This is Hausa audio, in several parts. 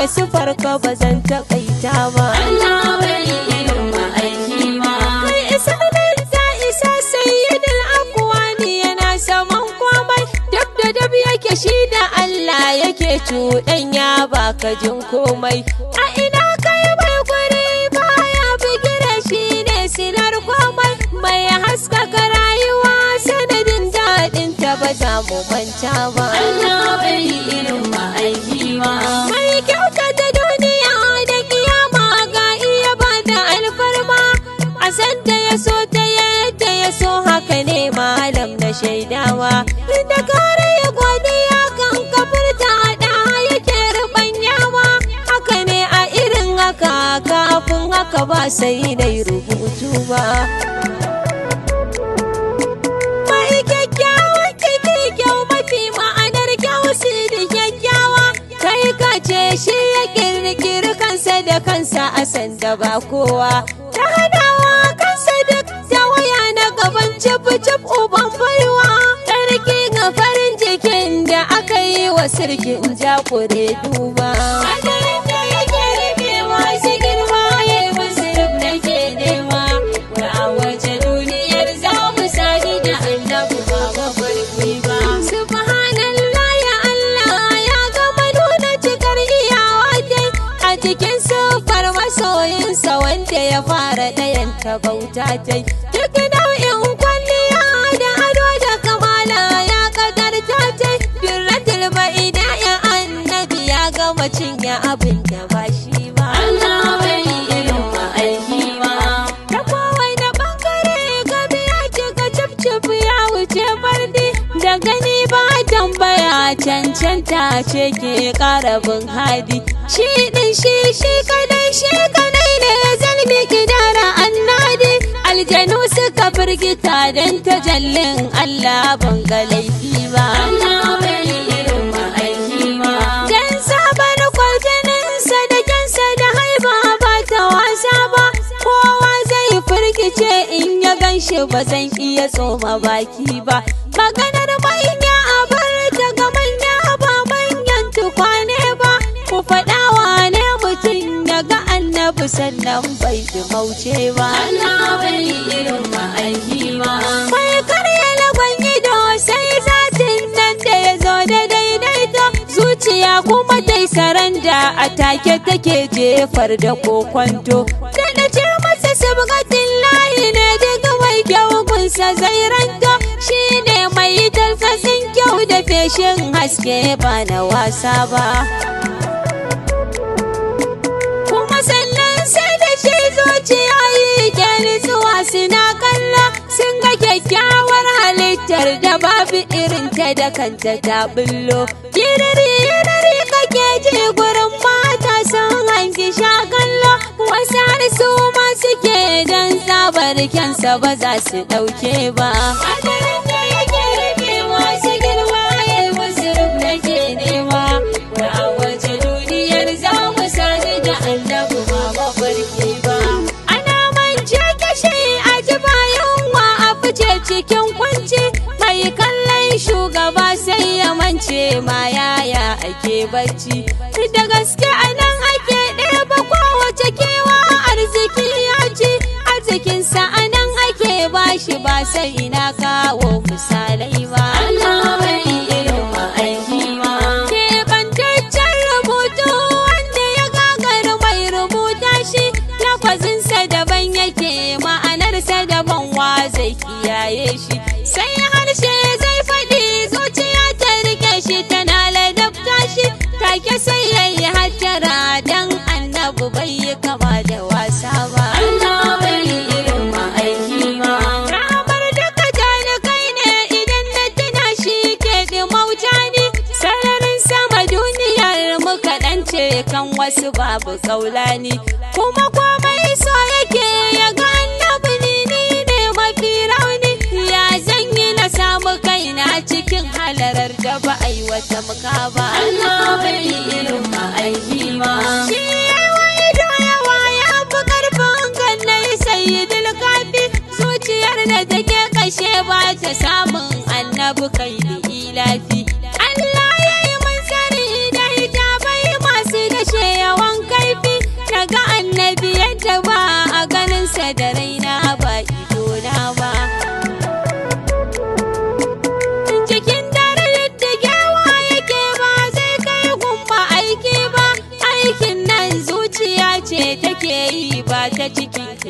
ta sufar ka ba zan taƙaita ba. Allah bai irin ma aiki ba. Kai isa nan za isa sayyidin akuwa ne yana saman komai. Dab da dab yake shi da Allah yake cuɗanya ba ka jin komai. A ina kai bai guri baya bigira shi ne sinar komai. Mai haskaka rayuwa sanadin daɗin ta ba za mu kwanta ba. Allah bai irin ma aiki ba. sai dai rubutu ba mai kyakkyawa kake kyau mafi ma'anar kyau da kyakkyawa kai ka ce shi ya kirkiri kansa da kansa a sanda ba kowa ta hadawa kansa duk da waya na gaban cip-cip uban baiwa sarki ga farin jikin da aka yi wa sirkin jakure duba. ya fara ɗayan ta bauta tai duk nau'in kwalliya da ado da kamala ya kadar ta birratul ba'ida ya annabi ya gama cinye abin da ba shi ba Allah bai irin ba aiki ba ta kowai na bangare gabi biya ce ka cif ya wuce bardi da gani ba tambaya cancanta ce ke karabin hadi shi din shi shi kadai shi kadai ne wani mai gidana annadi aljanu suka firgita don tajallin Allah ban ga laifi ba. Dan sabar kwajininsa da kyansa da haiba ba ta wasa ba, kowa zai firgice in ya ganshi ba zan iya tsoma baki ba. Maganar mai mutu sannan bai fi mauce ba. Allah bai irin ma'aiki ba. Mai karya lagon ido sai zatin nan da ya zo da daidaito zuciya kuma ta yi saranda a take take jefar da kokwanto. Da na ce masa sabgatin layi ne daga mai kyawunsa zai ranto shi ne mai talfasin kyau da feshin haske ba na wasa ba. da kanta ta bullo kirari kirari kake ji gurin mata sun hangi shagallo wasu har su ma suke dan sabar kyansa ba za su ɗauke ba ma yaya ake bacci da gaske a nan ake ɗeba kowace kewa arziki ya ci arzikinsa a nan ake bashi ba sai ina kawo misalai ba sai yayi hajjara dan annabu bai yi kama da wasa ba Allah bai yi irin ma aiki ba ramar da ka jani kai ne idan na tuna shi ke da mautani sararin sama duniyar mu kaɗan ce kan wasu babu kaulani kuma kuma Ba ai wata ba. Allah bai yi irin ma aiki ma shi yayi wani da yawa ya fi karfin kan nayi sayyidul kafi zuciyar da take kashe ba ta samun annabi kai da ilafi Allah ya yi mun sani da ita bai masu dashe yawan kaifi daga annabi yadda ba a ganin sa da rai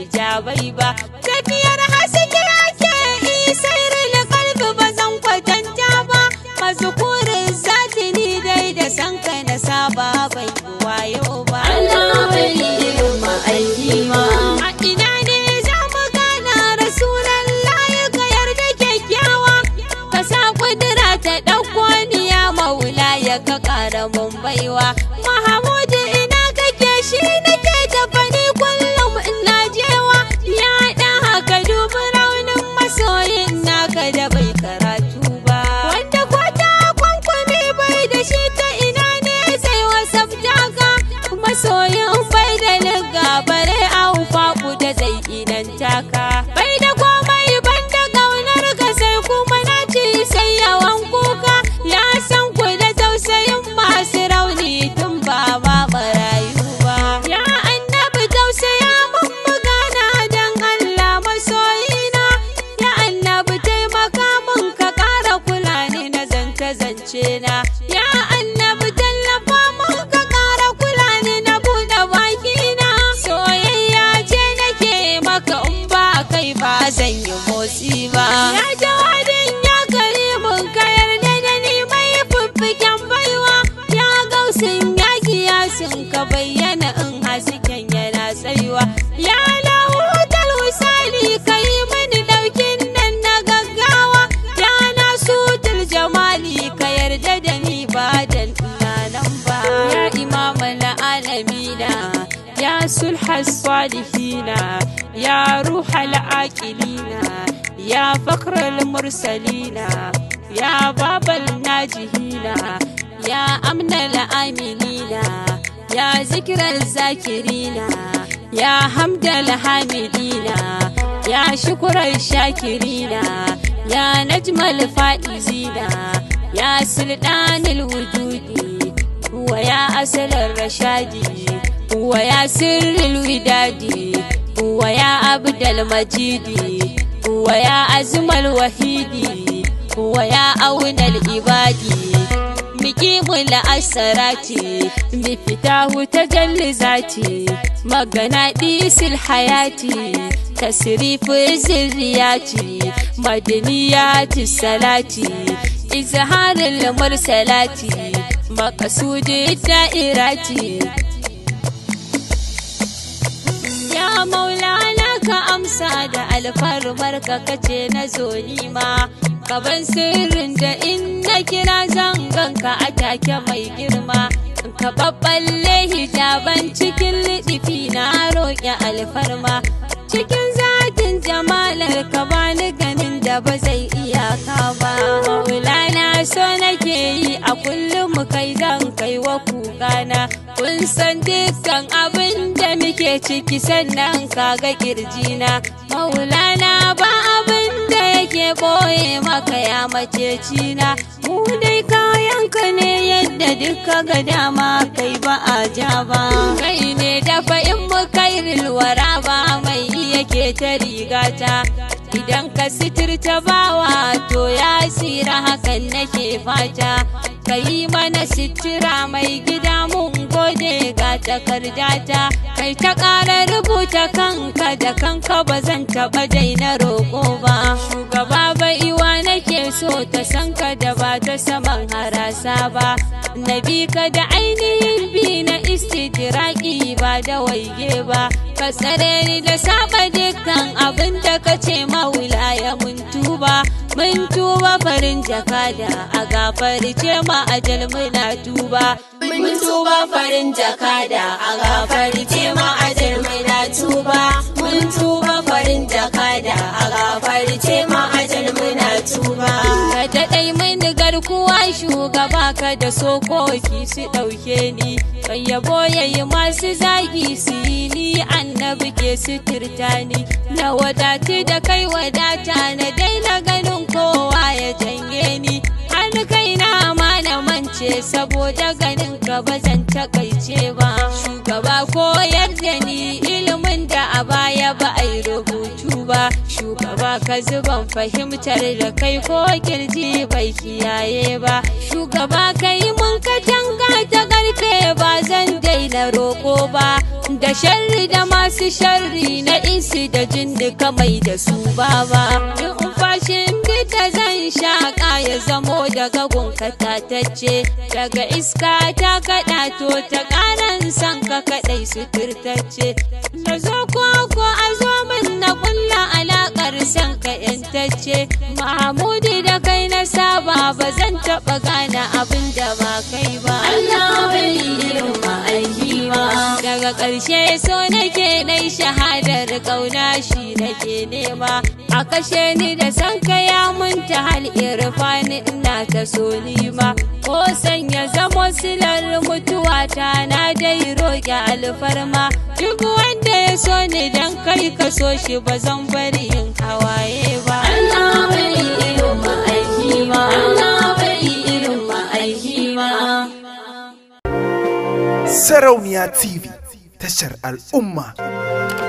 hijabai ba tafiyar haske ake isar da kalbi ba zan kwatanta ba mazkurin ni dai da kai na saba bai wayo ba Allah bai yi ma aiki ma a ina صلح فينا يا روح العاقلين يا فخر المرسلين يا باب الناجحين يا أمن الآمنين يا ذكر الذاكرين يا حمد الحامدين يا شكر الشاكرين يا نجم الفائزين يا سلطان الوجود ويا أسل الرشاد waya sirrin widadi waya abdal majidi waya azmal wahidi waya aunal ibadi muqimul asarati bi fitahu tajalli zati magana disil hayati tasrifu zirriyati madaniyati salati izharul mursalati maqsudi da'irati amsa da alfarmar ka kace na zo nima kaban sirrin da in na kira zan ka a take mai girma ka babballe hijaban cikin liɗifi na roƙe alfarma cikin zakin jamalar ka bani ganin da ba zai iyaka ba so nake yi a kullum kai zan kai wa na. kun san dukkan abin da muke ciki sannan kaga kirjina maulana ba abin da yake boye maka ya na. mu dai kayanka ne yadda duka ga dama kai ba a ja ba kai ne dafa in mu kai rilwara ba mai yake ta rigata idan ka sitirta bawa to ya sira hakan nake fata ka yi mana sitira mai gida mun gode ga takardata kai ta ƙara rubuta kanka da kanka ba zan taɓa daina roƙo ba shugaba baiwa nake so ta san ka da ba ta saman harasa ba na bi ka da ainihin bi na istidiraki ba da waige ba ka ni da saba dukkan abin da ka ce maula ya mun tuba mun tuba farin jakada a gafarce ma ajal muna tuba mun tuba farin jakada a gafarce ma ajal muna tuba mun tuba farin jakada a gafarce ma ajal muna tuba ka garkuwa shugaba ka da sokoki su ɗauke ni kan yabo yayi masu zagi su yi ni annabi ke suturta ni na wadati da kai wadata na daina ganin kowa ya janye ni kai na ma na mance saboda ganin ka ba zan takaice ba shugaba koyar da ni ilimin da a baya ba. ba shugaba ka zuban fahimtar da kai ko kirji bai kiyaye ba shugaba ka yi mun katanga ta garke ba zan daina roƙo ba da sharri da masu sharri na isi da jindika mai da su ba ba zan shaƙa ya zamo daga gunkatatacce daga iska ta kaɗa to ta ƙaran san ka kaɗai suturtacce da zo ko a san ka yantacce Mahamudu da kai na saba ba zan taɓa gane abin da ba kai ba Allah bai girma aiki ba daga ƙarshe so nake nai shahadar ƙauna shi nake nema a kashe ni da san ka ya munta hal irfani ina ta so nima ko san ya zama silar mutuwa ta na dai roƙe alfarma duk wanda ya so ni da ni ka so shi ba zan bari yin hawaye ba Allah bai irin ma'aiki ba Allah bai irin ma'aiki ba Sarauniya TV tashar al'umma